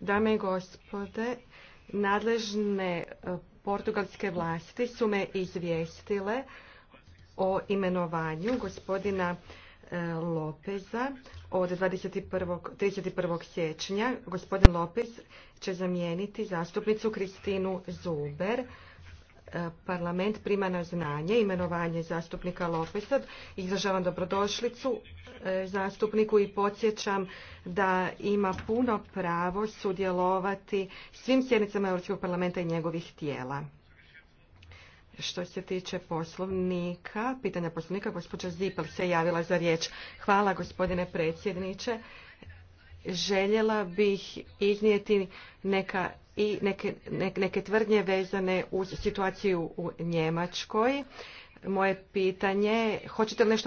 Dame i gospode, nadležne e, portugalske vlasti su me izvijestile o imenovanju gospodina e, Lopeza od 21. 31. siječnja. Gospodin Lopez će zamijeniti zastupnicu Kristinu Zuber. E, parlament prima na znanje imenovanje zastupnika Lopesa. Izražavam dobrodošlicu e, zastupniku i podsjećam da ima puno pravo sudjelovati svim sjednicama Europskog parlamenta i njegovih tijela. Što se tiče poslovnika, pitanja poslovnika, gospođa Zipel se javila za riječ. Hvala gospodine predsjedniče. Željela bih iznijeti neka i neke, tvrdnje vezane uz situaciju u Njemačkoj. Moje pitanje, hoćete li nešto